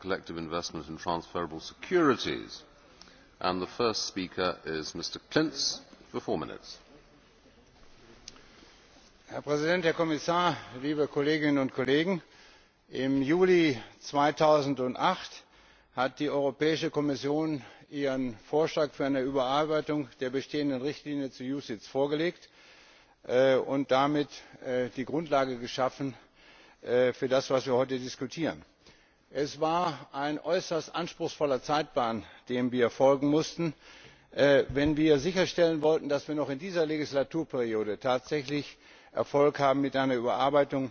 collective investment in transferable securities. And the first speaker is Mr. klinz for four minutes. Herr Präsident, Herr Kommissar, liebe Kolleginnen und Kollegen! Im Juli zweitausendacht hat die Europäische Kommission ihren Vorschlag für eine Überarbeitung der bestehenden Richtlinie zu UCITS vorgelegt äh, und damit äh, die grundlage geschaffen äh, für das was wir heute diskutieren es war ein äußerst anspruchsvoller zeitplan dem wir folgen mussten äh, wenn wir sicherstellen wollten dass wir noch in dieser legislaturperiode tatsächlich erfolg haben mit einer überarbeitung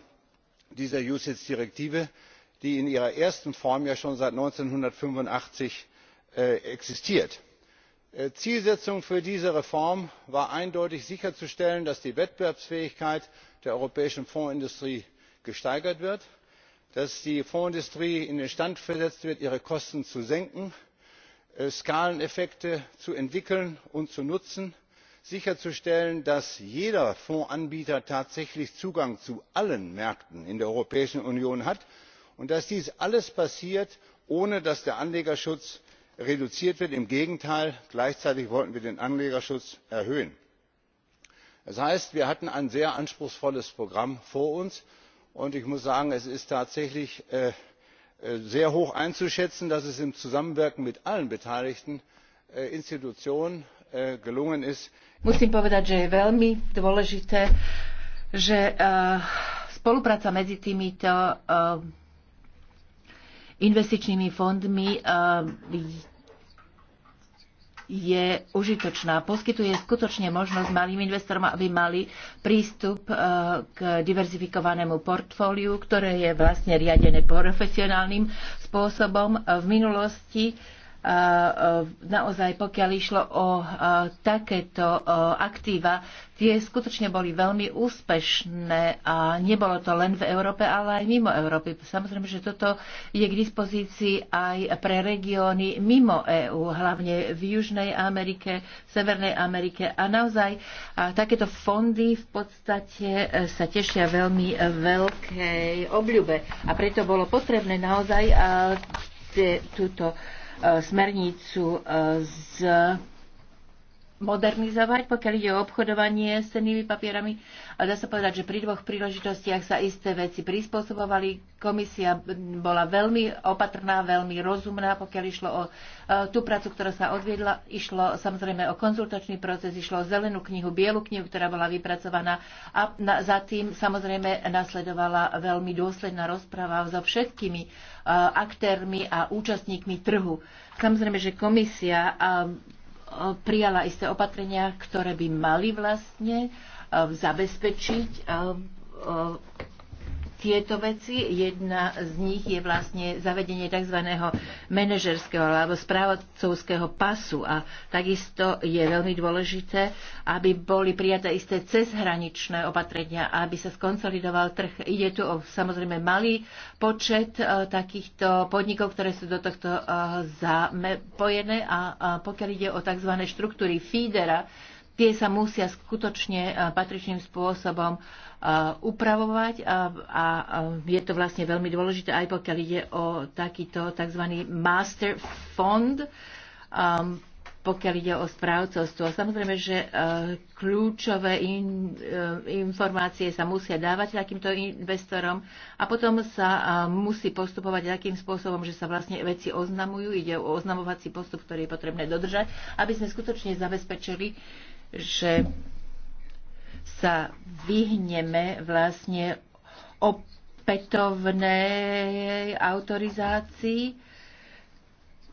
dieser ucits richtlinie die in ihrer ersten form ja schon seit eintausendneunhundertfünfundachtzig äh, existiert. Äh, zielsetzung für diese reform war eindeutig sicherzustellen dass die wettbewerbsfähigkeit der europäischen fondsindustrie gesteigert wird dass die fondsindustrie in den stand versetzt wird ihre kosten zu senken äh, skaleneffekte zu entwickeln und zu nutzen sicherzustellen dass jeder fondsanbieter tatsächlich zugang zu allen märkten in der europäischen union hat und dass dies alles passiert ohne dass der anlegerschutz reduziert wird im gegenteil gleichzeitig wollten wir den anlegerschutz erhöhen. das heißt wir hatten ein sehr anspruchsvolles programm vor uns und ich muss sagen es ist tatsächlich äh, äh, sehr hoch einzuschätzen dass es im zusammenwirken mit allen beteiligten äh, institutionen gelungen ist musím povedať že je veľmi dôležité že spolupráca medzi týmito investičnými fondmi je užitočná. Poskytuje skutočne možnosť malým investorom, aby mali prístup e, k diverzifikovanému portfóliu, ktoré je vlastne riadené profesionálnym spôsobom. E, v minulosti E, naozaj pokiaľ išlo o e, takéto e, aktíva, tie skutočne boli veľmi úspešné a nebolo to len v Európe, ale aj mimo Európy. Samozrejme, že toto je k dispozícii aj pre regióny mimo EÚ, hlavne v Južnej Amerike, v Severnej Amerike a naozaj a takéto fondy v podstate sa tešia veľmi veľkej obľube a preto bolo potrebné naozaj túto E, smernicu e, z modernizovať, pokiaľ ide o obchodovanie s cennými papierami. A dá sa povedať, že pri dvoch príležitostiach sa isté veci prispôsobovali. Komisia bola veľmi opatrná, veľmi rozumná, pokiaľ išlo o e, tú prácu, ktorá sa odviedla. Išlo samozrejme o konzultačný proces, išlo o zelenú knihu, bielu knihu, ktorá bola vypracovaná a na, za tým samozrejme nasledovala veľmi dôsledná rozpráva so všetkými e, aktérmi a účastníkmi trhu. Samozrejme, že komisia e, prijala isté opatrenia, ktoré by mali vlastne eh, zabezpečiť eh, eh, tieto veci. Jedna z nich je vlastne zavedenie tzv. manažerského alebo správodcovského pasu a takisto je veľmi dôležité, aby boli prijaté isté cezhraničné opatrenia, aby sa skonsolidoval trh. Ide tu o samozrejme malý počet e, takýchto podnikov, ktoré sú do tohto e, zapojené a pokiaľ ide o tzv. štruktúry feedera, tie sa musia skutočne e, patričným spôsobom e, upravovať a je to vlastne veľmi dôležité, aj pokiaľ ide o takýto tzv. master fond, e, pokiaľ ide o správcovstvo. Samozrejme, že kľúčové in, informácie sa musia dávať takýmto investorom a potom sa musí postupovať takým spôsobom, že sa vlastne veci oznamujú, ide o oznamovací postup, ktorý je potrebné dodržať, aby sme skutočne zabezpečili, že sa vyhneme vlastne opätovnej autorizácii.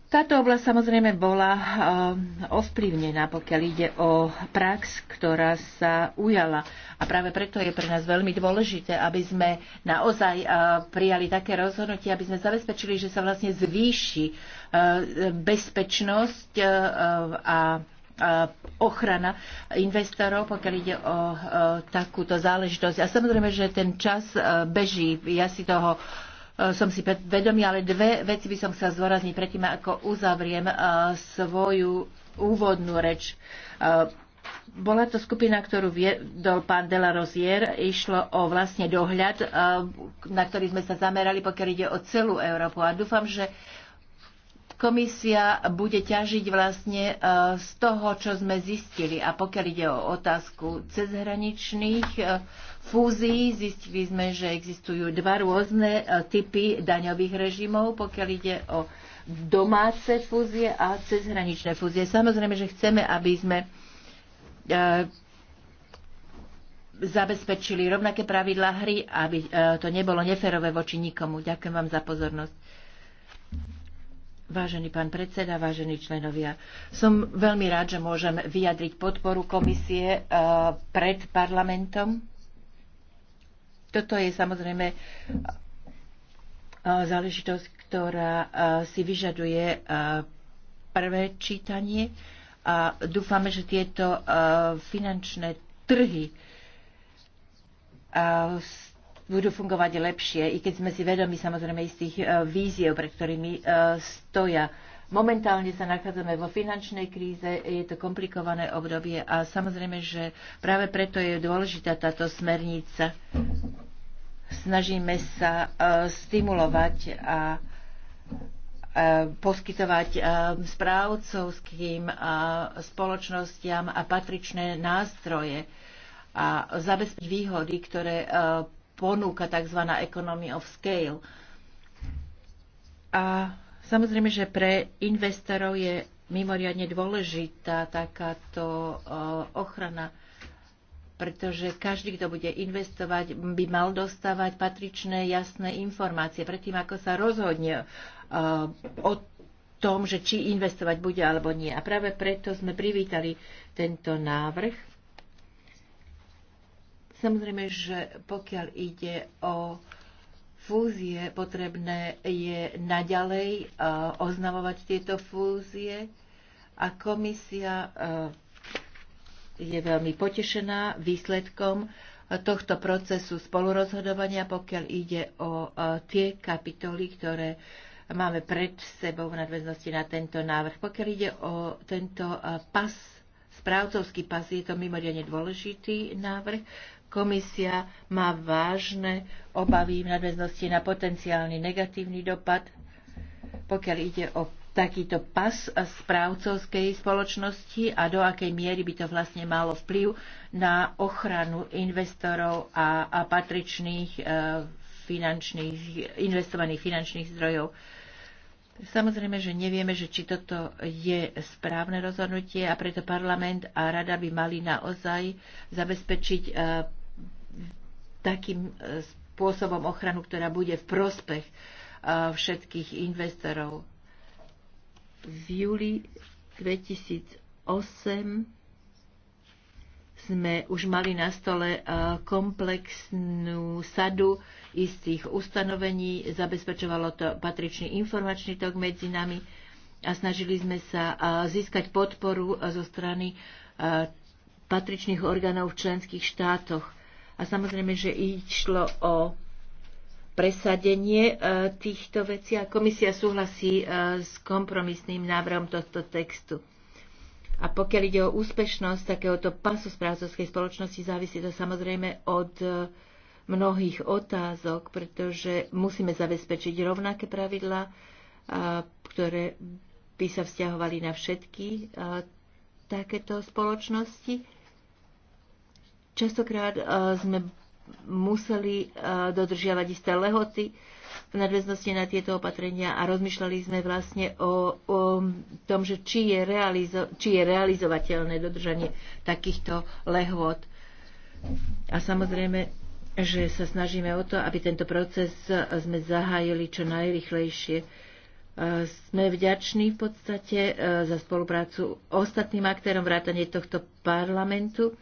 Táto oblasť samozrejme bola eh, ovplyvnená, pokiaľ ide o prax, ktorá sa ujala. A práve preto je pre nás veľmi dôležité, aby sme naozaj eh, prijali také rozhodnutie, aby sme zabezpečili, že sa vlastne zvýši eh, bezpečnosť a E, ochrana investorov, pokiaľ ide o e, takúto záležitosť. A samozrejme, že ten čas e, beží. Ja si toho som si vedomý, ale dve veci by som chcela zdôrazniť predtým, ako uzavriem svoju úvodnú reč. Bola to skupina, ktorú viedol pán de la Rozier. Išlo o vlastne dohľad, na ktorý sme sa zamerali, pokiaľ ide o celú Európu. A dúfam, že Komisia bude ťažiť vlastne e, z toho, čo sme zistili. A pokiaľ ide o otázku cezhraničných e, fúzií, zistili sme, že existujú dva rôzne e, typy daňových režimov, pokiaľ ide o domáce fúzie a cezhraničné fúzie. Samozrejme, že chceme, aby sme zabezpečili rovnaké pravidlá hry, aby to nebolo neferové voči nikomu. Ďakujem vám za pozornosť. Vážený pán predseda, vážení členovia, som veľmi rád, že môžem vyjadriť podporu komisie e, pred parlamentom. Toto je samozrejme e, záležitosť, ktorá e, si vyžaduje prvé čítanie a dúfame, že tieto finančné trhy budú fungovať lepšie, i keď sme si vedomi samozrejme istých e, víziev, pre ktorými e, stoja. Momentálne sa nachádzame vo finančnej kríze, je to komplikované obdobie a samozrejme, že práve preto je dôležitá táto smernica. Snažíme sa e, stimulovať a poskytovať správcovským spoločnostiam a patričné nástroje a zabezpečiť výhody, ktoré ponúka tzv. economy of scale. A samozrejme, že pre investorov je mimoriadne dôležitá takáto ochrana, pretože každý, kto bude investovať, by mal dostávať patričné jasné informácie predtým, ako sa rozhodne o tom, že či investovať bude alebo nie. A práve preto sme privítali tento návrh Samozrejme, že pokiaľ ide o fúzie, potrebné je naďalej e, oznamovať tieto fúzie a komisia e, je veľmi potešená výsledkom tohto procesu spolurozhodovania, pokiaľ ide o e, tie kapitoly, ktoré máme pred sebou v nadväznosti na tento návrh. Pokiaľ ide o tento pas, správcovský pas, je to mimoriadne dôležitý návrh, Komisia má vážne obavy v nadväznosti na potenciálny negatívny dopad, pokiaľ ide o takýto pas správcovskej spoločnosti a do akej miery by to vlastne malo vplyv na ochranu investorov a, a patričných e, finančných, investovaných finančných zdrojov. Samozrejme, že nevieme, že či toto je správne rozhodnutie a preto parlament a rada by mali naozaj zabezpečiť e, takým e, spôsobom ochranu, ktorá bude v prospech e, všetkých investorov. V júli 2008 sme už mali na stole e, komplexnú sadu istých ustanovení, zabezpečovalo to patričný informačný tok medzi nami a snažili sme sa získať podporu zo strany patričných orgánov v členských štátoch. A samozrejme, že išlo o presadenie e, týchto vecí a komisia súhlasí e, s kompromisným návrhom tohto textu. A pokiaľ ide o úspešnosť takéhoto pasu správcovskej spoločnosti, závisí to samozrejme od e, mnohých otázok, pretože musíme zabezpečiť rovnaké pravidla, ktoré by sa vzťahovali na všetky takéto spoločnosti Častokrát e, sme museli e, dodržiavať isté lehoty v nadväznosti na tieto opatrenia a rozmýšľali sme vlastne o, o tom, že či je, realizo- či je realizovateľné dodržanie takýchto lehot. A samozrejme, že sa snažíme o to, aby tento proces e, sme zahájili čo najrychlejšie. Sme vďační v podstate za spoluprácu ostatným aktérom vrátane tohto parlamentu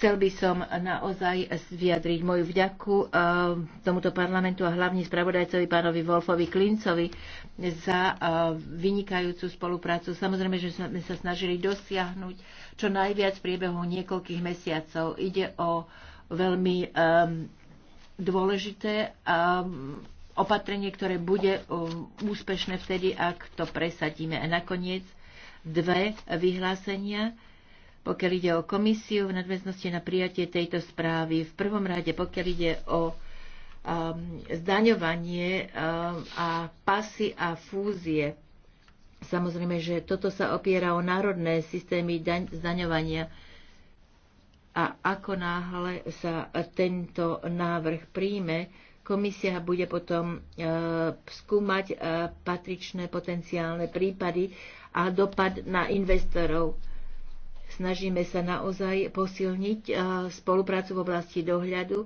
Chcel by som naozaj vyjadriť moju vďaku eh, tomuto parlamentu a hlavne spravodajcovi pánovi Wolfovi Klincovi za eh, vynikajúcu spoluprácu. Samozrejme, že sme sa snažili dosiahnuť čo najviac v priebehu niekoľkých mesiacov. Ide o veľmi ehm, dôležité ehm, opatrenie, ktoré bude eh, úspešné vtedy, ak to presadíme. A nakoniec dve vyhlásenia pokiaľ ide o komisiu v nadväznosti na prijatie tejto správy, v prvom rade, pokiaľ ide o um, zdaňovanie um, a pasy a fúzie, samozrejme, že toto sa opiera o národné systémy daň, zdaňovania. A ako náhle sa tento návrh príjme, komisia bude potom uh, skúmať uh, patričné potenciálne prípady a dopad na investorov snažíme sa naozaj posilniť e, spoluprácu v oblasti dohľadu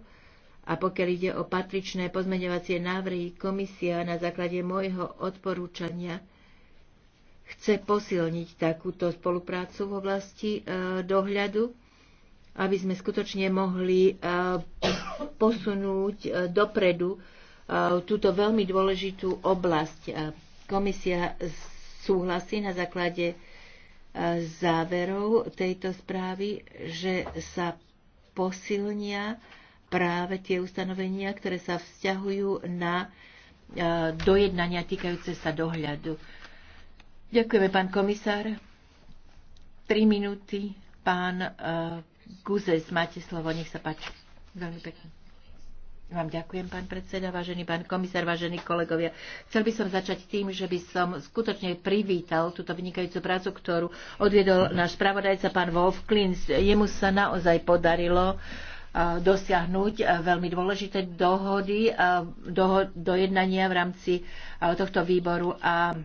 a pokiaľ ide o patričné pozmeňovacie návrhy, komisia na základe môjho odporúčania chce posilniť takúto spoluprácu v oblasti e, dohľadu, aby sme skutočne mohli e, posunúť dopredu túto veľmi dôležitú oblasť. Komisia súhlasí na základe záverov tejto správy, že sa posilnia práve tie ustanovenia, ktoré sa vzťahujú na e, dojednania týkajúce sa dohľadu. Ďakujeme, pán komisár. Tri minúty. Pán e, Guzes, máte slovo, nech sa páči. Veľmi pekne. Vám ďakujem, pán predseda, vážený pán komisár, vážení kolegovia. Chcel by som začať tým, že by som skutočne privítal túto vynikajúcu prácu, ktorú odviedol náš spravodajca, pán Wolf Klins. Jemu sa naozaj podarilo dosiahnuť veľmi dôležité dohody, dojednania v rámci tohto výboru a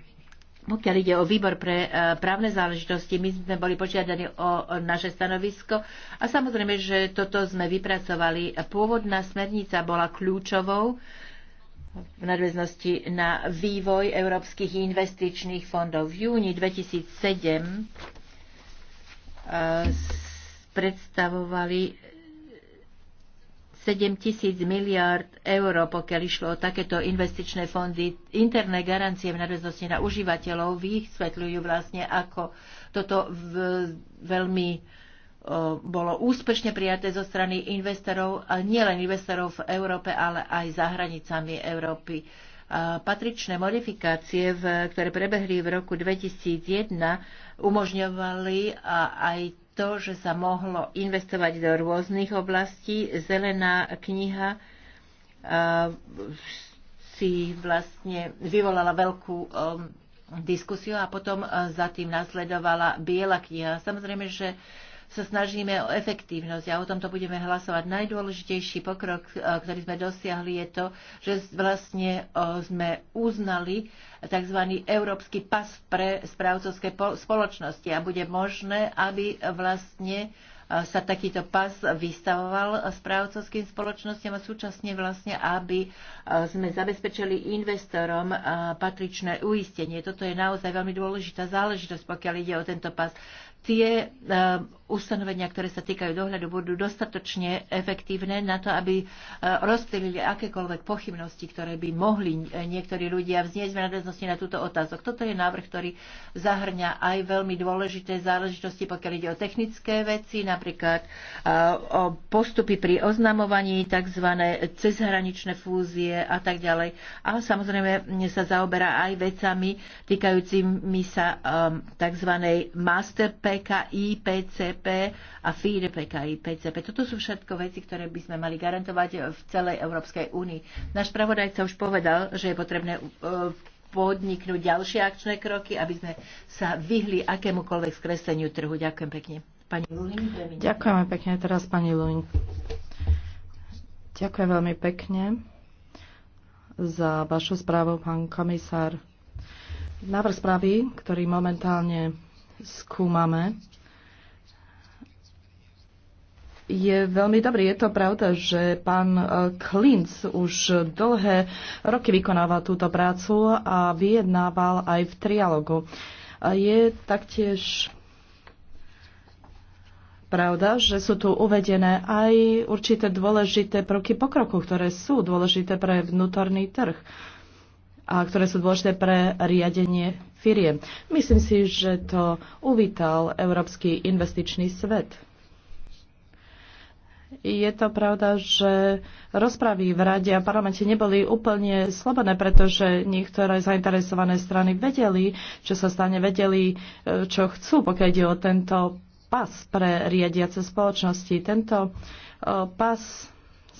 pokiaľ ide o výbor pre e, právne záležitosti, my sme boli požiadaní o naše stanovisko a samozrejme, že toto sme vypracovali. Pôvodná smernica bola kľúčovou v nadväznosti na vývoj európskych investičných fondov. V júni 2007 e, predstavovali 7 tisíc miliárd eur, pokiaľ išlo o takéto investičné fondy. Interné garancie v nadväznosti na užívateľov vysvetľujú vlastne, ako toto v, veľmi o, bolo úspešne prijaté zo strany investorov, a nielen investorov v Európe, ale aj za hranicami Európy. A patričné modifikácie, v, ktoré prebehli v roku 2001, umožňovali aj to, že sa mohlo investovať do rôznych oblastí. Zelená kniha e, si vlastne vyvolala veľkú e, diskusiu a potom e, za tým nasledovala biela kniha. Samozrejme, že sa snažíme o efektívnosť a o tomto budeme hlasovať. Najdôležitejší pokrok, e, ktorý sme dosiahli, je to, že vlastne e, sme uznali tzv. európsky pas pre správcovské spoločnosti a bude možné, aby vlastne e, sa takýto pas vystavoval správcovským spoločnosťam a súčasne vlastne, aby sme zabezpečili investorom patričné uistenie. Toto je naozaj veľmi dôležitá záležitosť, pokiaľ ide o tento pas. Tie ustanovenia, ktoré sa týkajú dohľadu, budú dostatočne efektívne na to, aby e, rozptýlili akékoľvek pochybnosti, ktoré by mohli e, niektorí ľudia vznieť v nadväznosti na túto otázok. Toto je návrh, ktorý zahrňa aj veľmi dôležité záležitosti, pokiaľ ide o technické veci, napríklad e, o postupy pri oznamovaní, tzv. cezhraničné fúzie a tak ďalej. A samozrejme sa zaoberá aj vecami týkajúcimi sa tzv. Master PKI, PCP, PCP a FIDE PKI PCP. Toto sú všetko veci, ktoré by sme mali garantovať v celej Európskej únii. Náš pravodajca už povedal, že je potrebné e, podniknúť ďalšie akčné kroky, aby sme sa vyhli akémukoľvek skreseniu trhu. Ďakujem pekne. Pani Lulín. Ďakujeme pekne teraz, pani Lulín. Ďakujem veľmi pekne za vašu správu, pán komisár. Návrh správy, ktorý momentálne skúmame, je veľmi dobrý. Je to pravda, že pán e, Klinc už dlhé roky vykonával túto prácu a vyjednával aj v trialogu. Je taktiež pravda, že sú tu uvedené aj určité dôležité prvky pokroku, ktoré sú dôležité pre vnútorný trh a ktoré sú dôležité pre riadenie firiem. Myslím si, že to uvítal Európsky investičný svet je to pravda, že rozpravy v rade a parlamente neboli úplne slobodné, pretože niektoré zainteresované strany vedeli, čo sa stane, vedeli, e, čo chcú, pokiaľ ide o tento pas pre riadiace spoločnosti. Tento e, pas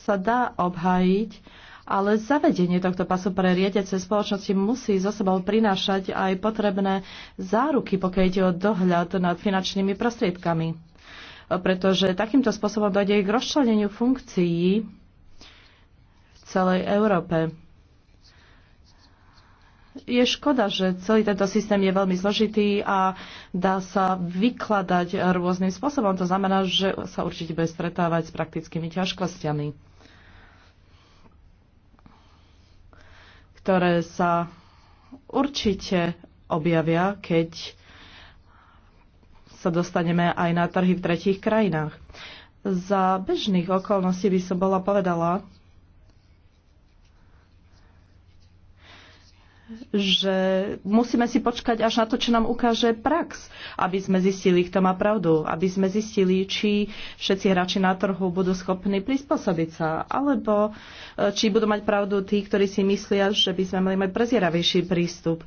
sa dá obhájiť, ale zavedenie tohto pasu pre riadiace spoločnosti musí so sebou prinášať aj potrebné záruky, pokiaľ ide o dohľad nad finančnými prostriedkami pretože takýmto spôsobom dojde k rozčleneniu funkcií v celej Európe. Je škoda, že celý tento systém je veľmi zložitý a dá sa vykladať rôznym spôsobom. To znamená, že sa určite bude stretávať s praktickými ťažkosťami, ktoré sa určite objavia, keď sa dostaneme aj na trhy v tretích krajinách. Za bežných okolností by som bola povedala, že musíme si počkať až na to, čo nám ukáže prax, aby sme zistili, kto má pravdu, aby sme zistili, či všetci hráči na trhu budú schopní prispôsobiť sa, alebo e, či budú mať pravdu tí, ktorí si myslia, že by sme mali mať prezieravejší prístup.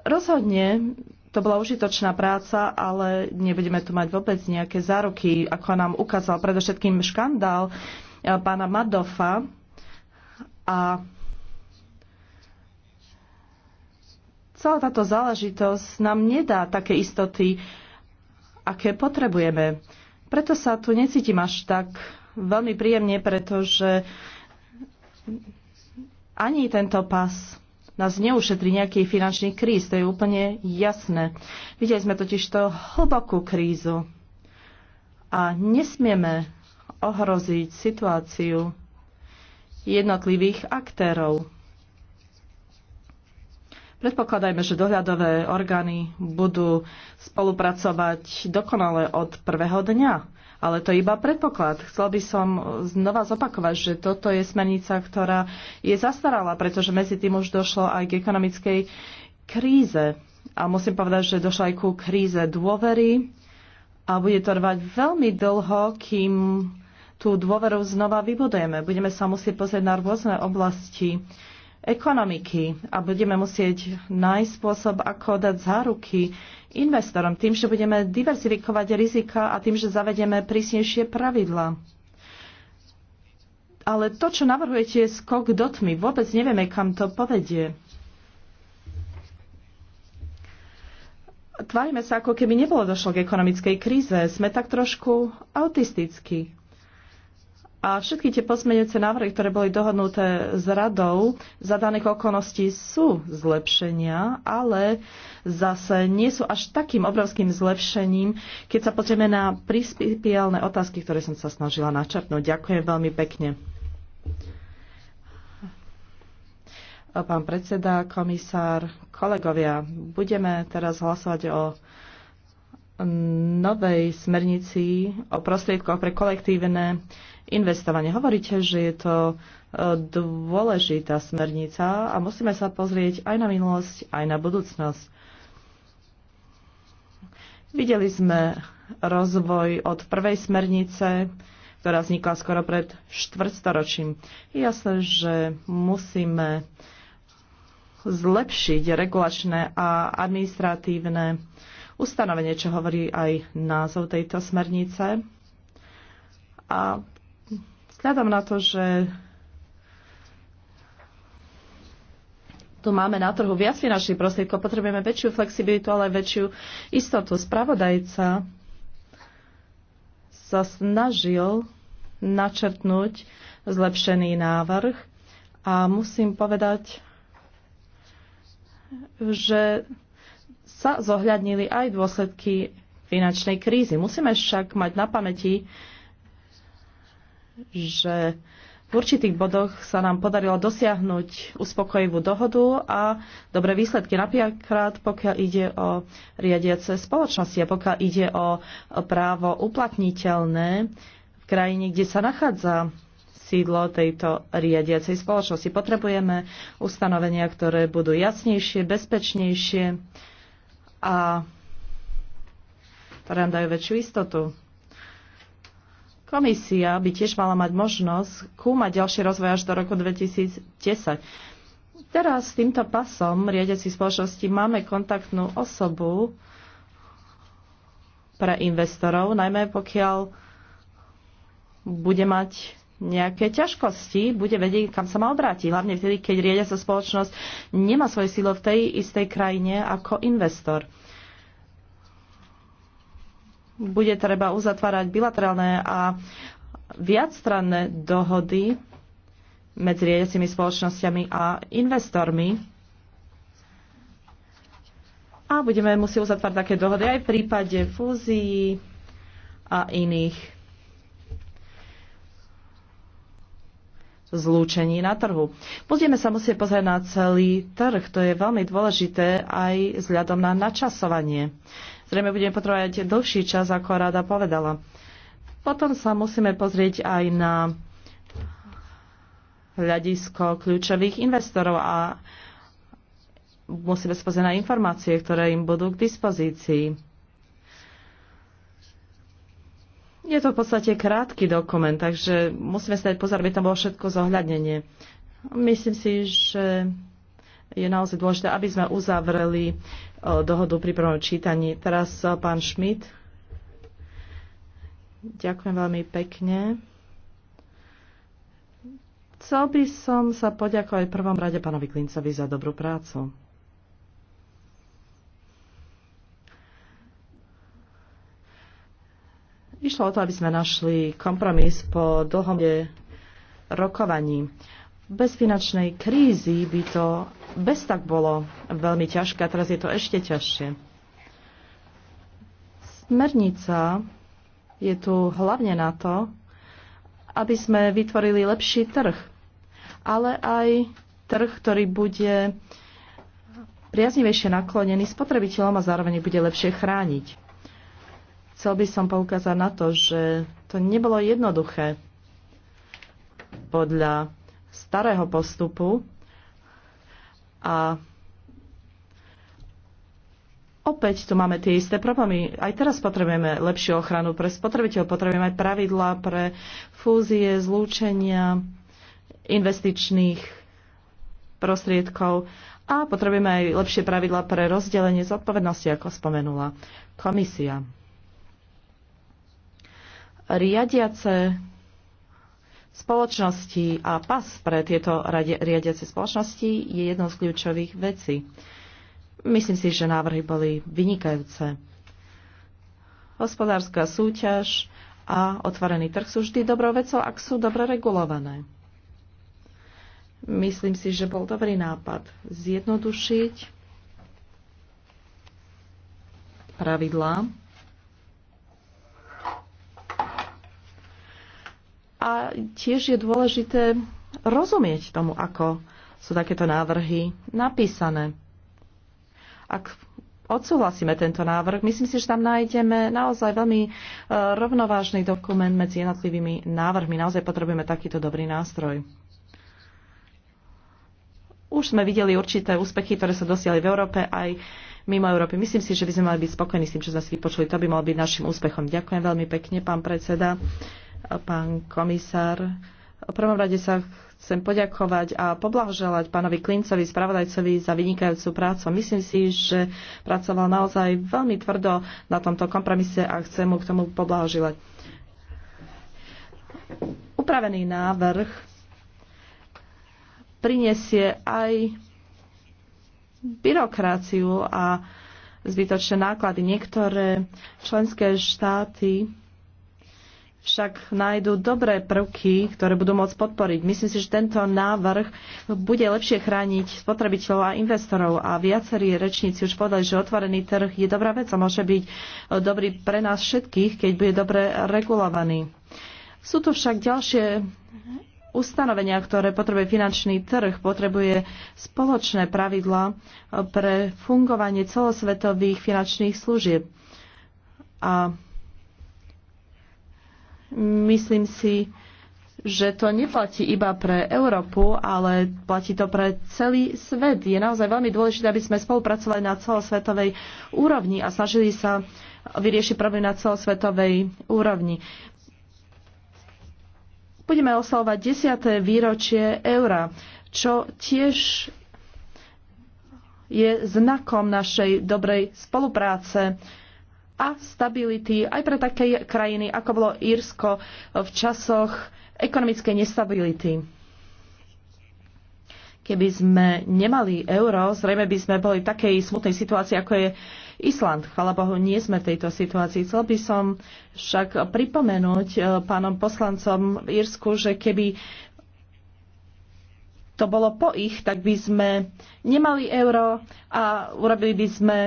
Rozhodne to bola užitočná práca, ale nebudeme tu mať vôbec nejaké záruky, ako nám ukázal predovšetkým škandál eh, pána Madofa a celá táto záležitosť nám nedá také istoty, aké potrebujeme. Preto sa tu necítim až tak veľmi príjemne, pretože ani tento pas nás neušetrí nejaký finančný kríz, to je úplne jasné. Videli sme totiž to hlbokú krízu a nesmieme ohroziť situáciu jednotlivých aktérov. Predpokladajme, že dohľadové orgány budú spolupracovať dokonale od prvého dňa ale to je iba predpoklad. Chcel by som znova zopakovať, že toto je smernica, ktorá je zastarala, pretože medzi tým už došlo aj k ekonomickej kríze. A musím povedať, že došlo aj ku kríze dôvery a bude to trvať veľmi dlho, kým tú dôveru znova vybudujeme. Budeme sa musieť pozrieť na rôzne oblasti ekonomiky a budeme musieť nájsť spôsob, ako dať záruky investorom tým, že budeme diverzifikovať rizika a tým, že zavedeme prísnejšie pravidla. Ale to, čo navrhujete, je skok do tmy. Vôbec nevieme, kam to povedie. Tvárime sa, ako keby nebolo došlo k ekonomickej kríze. Sme tak trošku autistickí. A všetky tie pozmeňujúce návrhy, ktoré boli dohodnuté s radou, za daných okolností sú zlepšenia, ale zase nie sú až takým obrovským zlepšením, keď sa pozrieme na prispipiálne otázky, ktoré som sa snažila načrtnúť. Ďakujem veľmi pekne. Pán predseda, komisár, kolegovia, budeme teraz hlasovať o novej smernici o prostriedkoch pre kolektívne investovanie. Hovoríte, že je to e, dôležitá smernica a musíme sa pozrieť aj na minulosť, aj na budúcnosť. Videli sme rozvoj od prvej smernice, ktorá vznikla skoro pred štvrtstoročím. Je jasné, že musíme zlepšiť regulačné a administratívne ustanovenie, čo hovorí aj názov tejto smernice. A hľadám na to, že tu máme na trhu viac finančných prostriedkov, potrebujeme väčšiu flexibilitu, ale aj väčšiu istotu. Spravodajca sa snažil načrtnúť zlepšený návrh a musím povedať, že sa zohľadnili aj dôsledky finančnej krízy. Musíme však mať na pamäti, že v určitých bodoch sa nám podarilo dosiahnuť uspokojivú dohodu a dobré výsledky. Napríklad, pokiaľ ide o riadiace spoločnosti a pokiaľ ide o právo uplatniteľné v krajine, kde sa nachádza sídlo tejto riadiacej spoločnosti. Potrebujeme ustanovenia, ktoré budú jasnejšie, bezpečnejšie a ktoré nám dajú väčšiu istotu. Komisia by tiež mala mať možnosť kúmať ďalší rozvoj až do roku 2010. Teraz s týmto pasom riadiaci spoločnosti máme kontaktnú osobu pre investorov, najmä pokiaľ bude mať nejaké ťažkosti, bude vedieť, kam sa má obrátiť. Hlavne vtedy, keď riadiaca spoločnosť nemá svoje sílo v tej istej krajine ako investor bude treba uzatvárať bilaterálne a viacstranné dohody medzi riadiacimi spoločnosťami a investormi. A budeme musieť uzatvárať také dohody aj v prípade fúzií a iných zlúčení na trhu. Budeme sa musieť pozrieť na celý trh. To je veľmi dôležité aj vzhľadom na načasovanie zrejme budeme potrebovať dlhší čas, ako rada povedala. Potom sa musíme pozrieť aj na hľadisko kľúčových investorov a musíme spozrieť na informácie, ktoré im budú k dispozícii. Je to v podstate krátky dokument, takže musíme sa dať pozor, aby tam bolo všetko zohľadnenie. Myslím si, že je naozaj dôležité, aby sme uzavreli e, dohodu pri prvom čítaní. Teraz e, pán Šmit. Ďakujem veľmi pekne. Chcel by som sa poďakovať v prvom rade pánovi Klincovi za dobrú prácu. Išlo o to, aby sme našli kompromis po dlhom rokovaní. Bez finančnej krízy by to bez tak bolo veľmi ťažké a teraz je to ešte ťažšie. Smernica je tu hlavne na to, aby sme vytvorili lepší trh, ale aj trh, ktorý bude priaznivejšie naklonený spotrebiteľom a zároveň bude lepšie chrániť. Chcel by som poukázať na to, že to nebolo jednoduché podľa starého postupu a opäť tu máme tie isté problémy. Aj teraz potrebujeme lepšiu ochranu pre spotrebiteľov, potrebujeme aj pravidlá pre fúzie, zlúčenia investičných prostriedkov a potrebujeme aj lepšie pravidlá pre rozdelenie zodpovednosti, ako spomenula komisia. Riadiace spoločnosti a pas pre tieto riadiace spoločnosti je jednou z kľúčových vecí. Myslím si, že návrhy boli vynikajúce. Hospodárska súťaž a otvorený trh sú vždy dobrou vecou, ak sú dobre regulované. Myslím si, že bol dobrý nápad zjednodušiť pravidlá A tiež je dôležité rozumieť tomu, ako sú takéto návrhy napísané. Ak odsúhlasíme tento návrh, myslím si, že tam nájdeme naozaj veľmi e, rovnovážny dokument medzi jednotlivými návrhmi. Naozaj potrebujeme takýto dobrý nástroj. Už sme videli určité úspechy, ktoré sa dosiahli v Európe aj mimo Európy. Myslím si, že by sme mali byť spokojní s tým, čo sme si vypočuli. To by mal byť našim úspechom. Ďakujem veľmi pekne, pán predseda pán komisár. V prvom rade sa chcem poďakovať a poblahoželať pánovi Klincovi, spravodajcovi za vynikajúcu prácu. Myslím si, že pracoval naozaj veľmi tvrdo na tomto kompromise a chcem mu k tomu poblahoželať. Upravený návrh prinesie aj byrokraciu a zbytočné náklady. Niektoré členské štáty však nájdú dobré prvky, ktoré budú môcť podporiť. Myslím si, že tento návrh bude lepšie chrániť spotrebiteľov a investorov a viacerí rečníci už povedali, že otvorený trh je dobrá vec a môže byť e, dobrý pre nás všetkých, keď bude dobre regulovaný. Sú tu však ďalšie ustanovenia, ktoré potrebuje finančný trh, potrebuje spoločné pravidla e, pre fungovanie celosvetových finančných služieb. A Myslím si, že to neplatí iba pre Európu, ale platí to pre celý svet. Je naozaj veľmi dôležité, aby sme spolupracovali na celosvetovej úrovni a snažili sa vyriešiť problém na celosvetovej úrovni. Budeme oslovať 10. výročie eura, čo tiež je znakom našej dobrej spolupráce a stability aj pre také krajiny, ako bolo Írsko v časoch ekonomickej nestability. Keby sme nemali euro, zrejme by sme boli v takej smutnej situácii, ako je Island. Chvala Bohu, nie sme v tejto situácii. Chcel by som však pripomenúť eh, pánom poslancom v Írsku, že keby to bolo po ich, tak by sme nemali euro a urobili by sme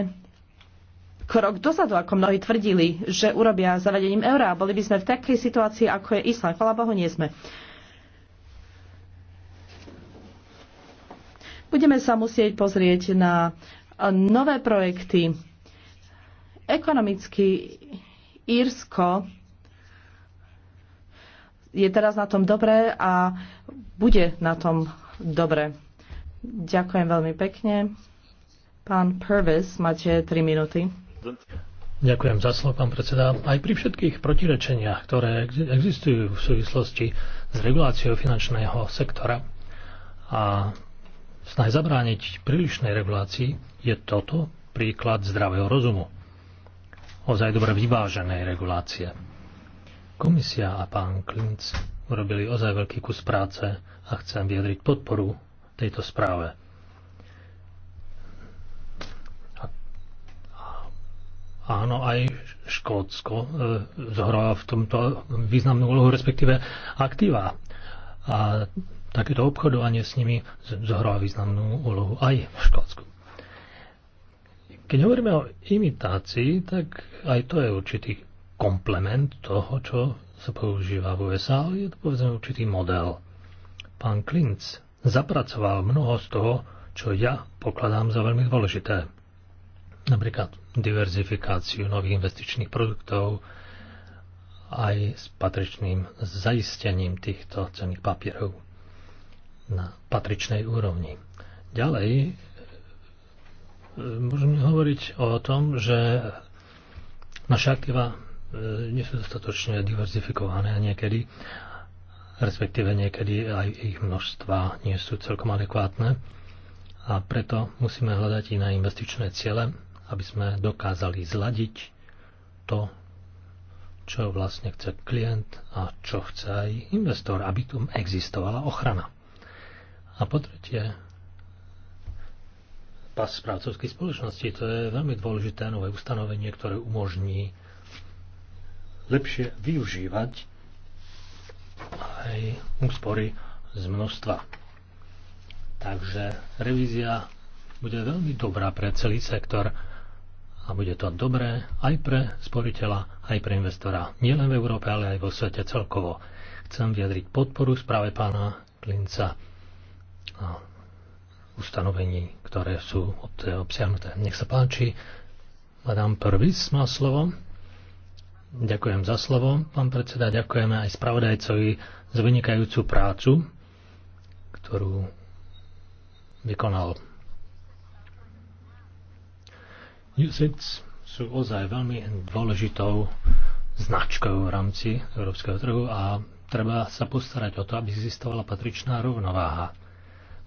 krok dozadu, ako mnohí tvrdili, že urobia zavedením eura. Boli by sme v takej situácii, ako je Island. Chvala Bohu, nie sme. Budeme sa musieť pozrieť na nové projekty. Ekonomicky Írsko je teraz na tom dobré a bude na tom dobre. Ďakujem veľmi pekne. Pán Purvis, máte 3 minúty. Ďakujem za slovo, pán predseda. Aj pri všetkých protirečeniach, ktoré existujú v súvislosti s reguláciou finančného sektora a snahy zabrániť prílišnej regulácii, je toto príklad zdravého rozumu. Ozaj dobre vyváženej regulácie. Komisia a pán Klinc urobili ozaj veľký kus práce a chcem vyjadriť podporu tejto správe. Áno, aj Škótsko e, zohráva v tomto významnú úlohu, respektíve aktíva. A takéto obchodovanie s nimi zohráva významnú úlohu aj v Škótsku. Keď hovoríme o imitácii, tak aj to je určitý komplement toho, čo sa používa v USA, ale je to povedzme určitý model. Pán Klinc zapracoval mnoho z toho, čo ja pokladám za veľmi dôležité napríklad diverzifikáciu nových investičných produktov aj s patričným zaistením týchto cenných papierov na patričnej úrovni. Ďalej e, môžeme hovoriť o tom, že naše aktíva e, nie sú dostatočne diverzifikované niekedy, respektíve niekedy aj ich množstva nie sú celkom adekvátne a preto musíme hľadať i na investičné ciele aby sme dokázali zladiť to, čo vlastne chce klient a čo chce aj investor, aby tu existovala ochrana. A po tretie, pas správcovskej spoločnosti, to je veľmi dôležité nové ustanovenie, ktoré umožní lepšie využívať aj úspory z množstva. Takže revízia bude veľmi dobrá pre celý sektor a bude to dobré aj pre sporiteľa, aj pre investora. Nielen v Európe, ale aj vo svete celkovo. Chcem vyjadriť podporu správe pána Klinca a ustanovení, ktoré sú obsiahnuté. Nech sa páči, Madame Pervis má slovo. Ďakujem za slovo, pán predseda. Ďakujeme aj spravodajcovi za vynikajúcu prácu, ktorú vykonal USIDS sú ozaj veľmi dôležitou značkou v rámci európskeho trhu a treba sa postarať o to, aby existovala patričná rovnováha.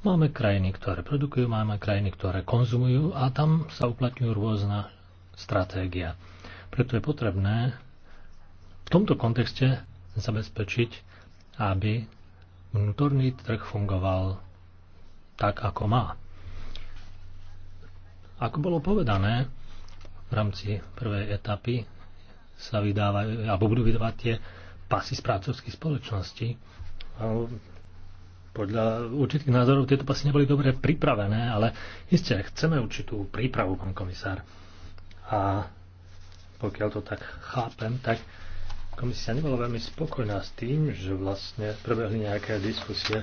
Máme krajiny, ktoré produkujú, máme krajiny, ktoré konzumujú a tam sa uplatňujú rôzna stratégia. Preto je potrebné v tomto kontexte zabezpečiť, aby vnútorný trh fungoval tak, ako má. Ako bolo povedané, v rámci prvej etapy sa vydávajú, alebo budú vydávať tie pasy z pracovských spoločností. Podľa určitých názorov tieto pasy neboli dobre pripravené, ale isté, chceme určitú prípravu, pán komisár. A pokiaľ to tak chápem, tak komisia nebola veľmi spokojná s tým, že vlastne prebehli nejaké diskusie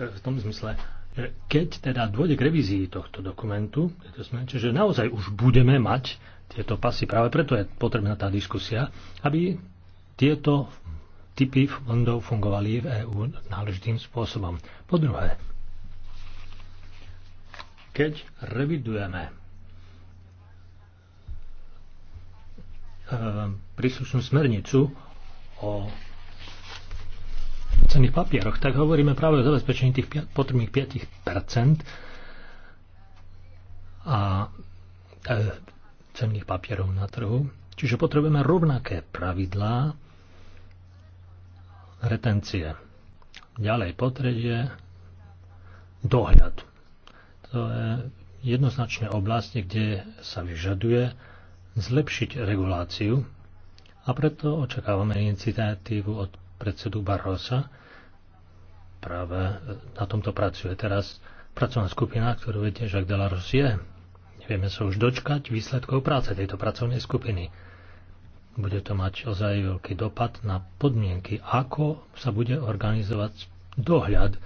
v tom zmysle, keď teda dôjde k revízii tohto dokumentu, že naozaj už budeme mať tieto pasy, práve preto je potrebná tá diskusia, aby tieto typy fondov fungovali v EÚ náležitým spôsobom. Po druhé, keď revidujeme eh, príslušnú smernicu o cenných papieroch, tak hovoríme práve o zabezpečení tých potrebných 5 a e, cenných papierov na trhu. Čiže potrebujeme rovnaké pravidlá retencie. Ďalej potredie dohľad. To je jednoznačne oblasti, kde sa vyžaduje zlepšiť reguláciu a preto očakávame iniciatívu od predsedu Barrosa. Práve e, na tomto pracuje teraz pracovná skupina, ktorú viete, Jacques la je. Nevieme sa už dočkať výsledkov práce tejto pracovnej skupiny. Bude to mať ozaj veľký dopad na podmienky, ako sa bude organizovať dohľad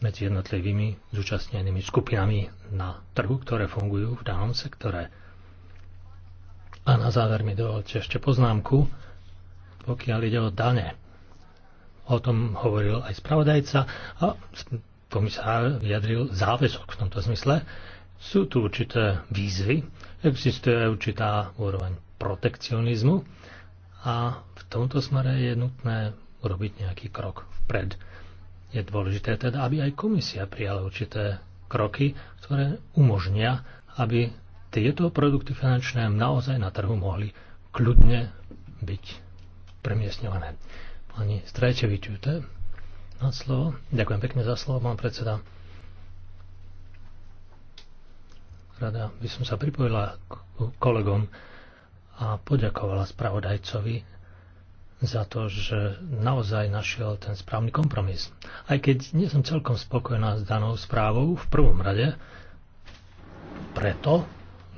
medzi jednotlivými zúčastnenými skupinami na trhu, ktoré fungujú v danom sektore. A na záver mi dovolte ešte poznámku, pokiaľ ide o dane o tom hovoril aj spravodajca a komisár vyjadril záväzok v tomto zmysle. Sú tu určité výzvy, existuje určitá úroveň protekcionizmu a v tomto smere je nutné urobiť nejaký krok vpred. Je dôležité teda, aby aj komisia prijala určité kroky, ktoré umožnia, aby tieto produkty finančné naozaj na trhu mohli kľudne byť premiesňované pani Strajčevičute na slovo. Ďakujem pekne za slovo, pán predseda. Rada by som sa pripojila k kolegom a poďakovala spravodajcovi za to, že naozaj našiel ten správny kompromis. Aj keď nie som celkom spokojná s danou správou v prvom rade, preto,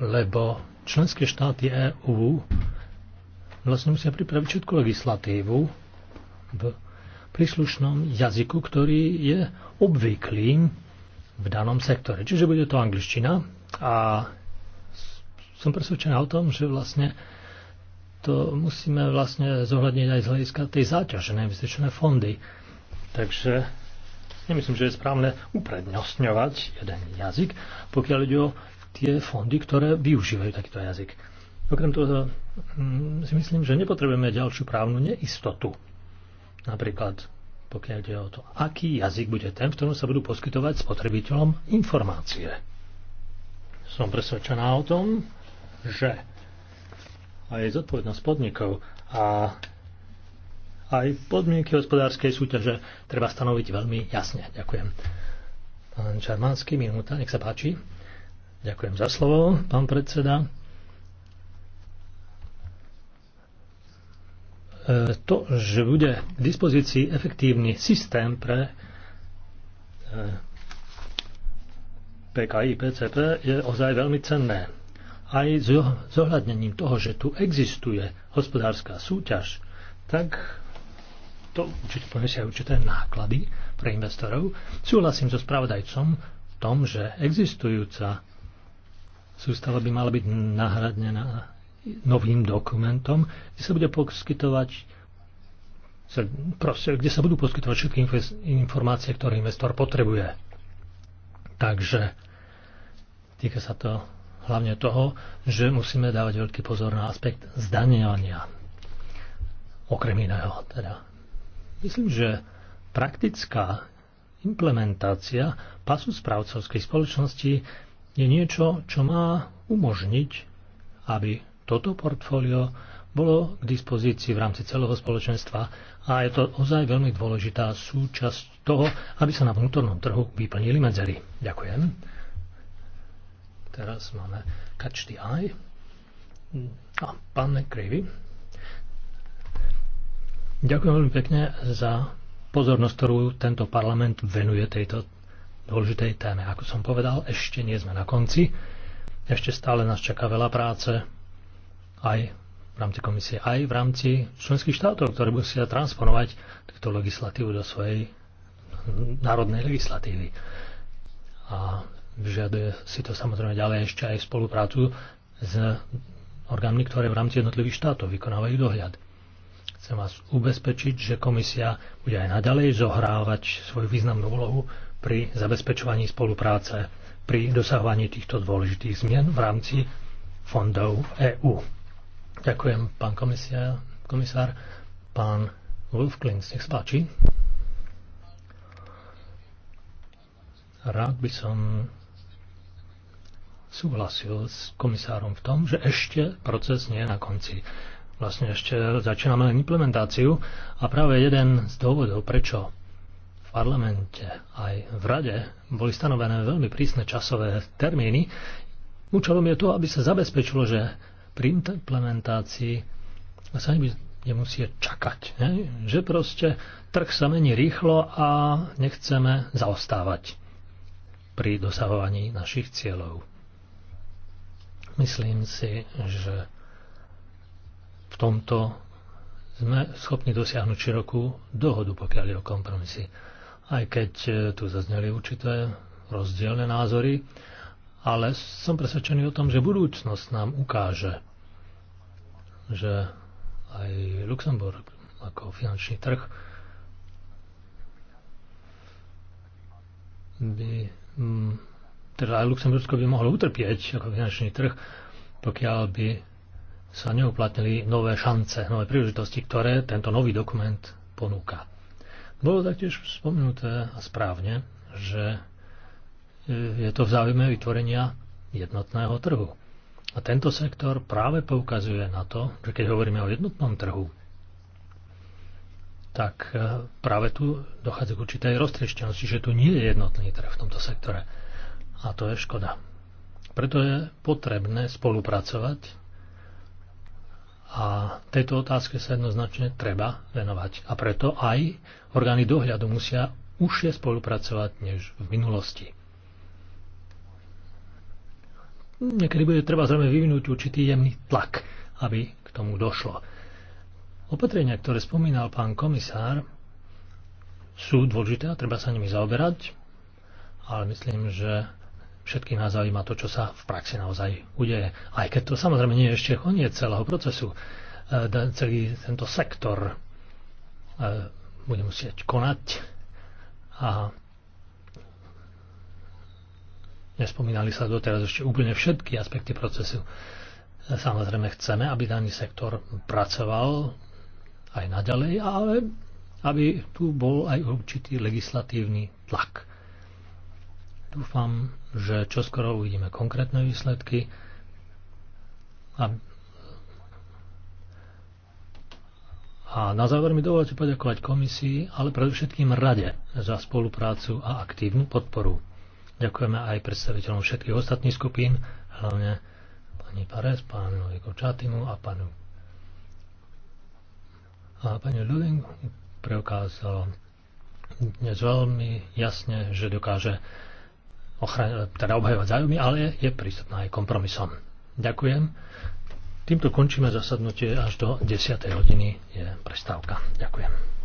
lebo členské štáty EÚ vlastne musia pripraviť všetku legislatívu, v príslušnom jazyku, ktorý je obvyklý v danom sektore. Čiže bude to angličtina a som presvedčený o tom, že vlastne to musíme vlastne zohľadniť aj z hľadiska tej záťaže na investičné fondy. Takže nemyslím, že je správne uprednostňovať jeden jazyk, pokiaľ ide o tie fondy, ktoré využívajú takýto jazyk. Okrem toho mm, si myslím, že nepotrebujeme ďalšiu právnu neistotu Napríklad, pokiaľ ide o to, aký jazyk bude ten, v ktorom sa budú poskytovať spotrebiteľom informácie. Som presvedčená o tom, že aj zodpovednosť podnikov a aj podmienky hospodárskej súťaže treba stanoviť veľmi jasne. Ďakujem. Pán Čarmánsky, minúta, nech sa páči. Ďakujem za slovo, pán predseda. E, to, že bude k dispozícii efektívny systém pre e, PKI, PCP, je ozaj veľmi cenné. Aj s zohľadnením toho, že tu existuje hospodárska súťaž, tak to určite aj určité náklady pre investorov. Súhlasím so spravodajcom v tom, že existujúca sústava by mala byť nahradená novým dokumentom, kde sa bude poskytovať kde sa budú poskytovať všetky informácie, ktoré investor potrebuje. Takže týka sa to hlavne toho, že musíme dávať veľký pozor na aspekt zdaňovania. Okrem iného teda. Myslím, že praktická implementácia pasu správcovskej spoločnosti je niečo, čo má umožniť, aby toto portfólio bolo k dispozícii v rámci celého spoločenstva a je to ozaj veľmi dôležitá súčasť toho, aby sa na vnútornom trhu vyplnili medzery. Ďakujem. Teraz máme Catch the Eye. A pán Krivy. Ďakujem veľmi pekne za pozornosť, ktorú tento parlament venuje tejto dôležitej téme. Ako som povedal, ešte nie sme na konci. Ešte stále nás čaká veľa práce, aj v rámci komisie, aj v rámci členských štátov, ktoré musia transponovať túto legislatívu do svojej národnej legislatívy. A vyžaduje si to samozrejme ďalej ešte aj spoluprácu s orgánmi, ktoré v rámci jednotlivých štátov vykonávajú dohľad. Chcem vás ubezpečiť, že komisia bude aj naďalej zohrávať svoju významnú úlohu pri zabezpečovaní spolupráce pri dosahovaní týchto dôležitých zmien v rámci fondov EÚ. Ďakujem, pán komisia, komisár. Pán Wolf Klings, nech spáči. Rád by som súhlasil s komisárom v tom, že ešte proces nie je na konci. Vlastne ešte začíname len implementáciu a práve jeden z dôvodov, prečo v parlamente aj v rade boli stanovené veľmi prísne časové termíny, účelom je to, aby sa zabezpečilo, že pri implementácii sa nemusie čakať. Ne? Že proste trh sa mení rýchlo a nechceme zaostávať pri dosahovaní našich cieľov. Myslím si, že v tomto sme schopní dosiahnuť širokú dohodu, pokiaľ je o kompromisy. Aj keď eh, tu zazneli určité rozdielne názory, ale som presvedčený o tom, že budúcnosť nám ukáže, že aj Luxemburg ako finančný trh by mm, teda aj Luxembursko by mohlo utrpieť ako finančný trh, pokiaľ by sa neuplatnili nové šance, nové príležitosti, ktoré tento nový dokument ponúka. Bolo taktiež spomenuté a správne, že je to v záujme vytvorenia jednotného trhu. A tento sektor práve poukazuje na to, že keď hovoríme o jednotnom trhu, tak e, práve tu dochádza k určitej roztrieštenosti, že tu nie je jednotný trh v tomto sektore. A to je škoda. Preto je potrebné spolupracovať a tejto otázke sa jednoznačne treba venovať. A preto aj orgány dohľadu musia užšie spolupracovať než v minulosti niekedy bude treba zrejme vyvinúť určitý jemný tlak, aby k tomu došlo. Opatrenia, ktoré spomínal pán komisár, sú dôležité a treba sa nimi zaoberať, ale myslím, že všetky nás zaujíma to, čo sa v praxi naozaj udeje. Aj keď to samozrejme nie je ešte koniec celého procesu. E, celý tento sektor e, bude musieť konať a Nespomínali sa doteraz ešte úplne všetky aspekty procesu. Samozrejme chceme, aby daný sektor pracoval aj naďalej, ale aby tu bol aj určitý legislatívny tlak. Dúfam, že čoskoro uvidíme konkrétne výsledky a, a na záver mi dovolte poďakovať komisii, ale predovšetkým rade za spoluprácu a aktívnu podporu. Ďakujeme aj predstaviteľom všetkých ostatných skupín, hlavne pani Pares, pánu Kočatimu a pánu a pani Luding preukázal dnes veľmi jasne, že dokáže ochraň, teda obhajovať záujmy, ale je prístupná aj kompromisom. Ďakujem. Týmto končíme zasadnutie až do 10. hodiny je prestávka. Ďakujem.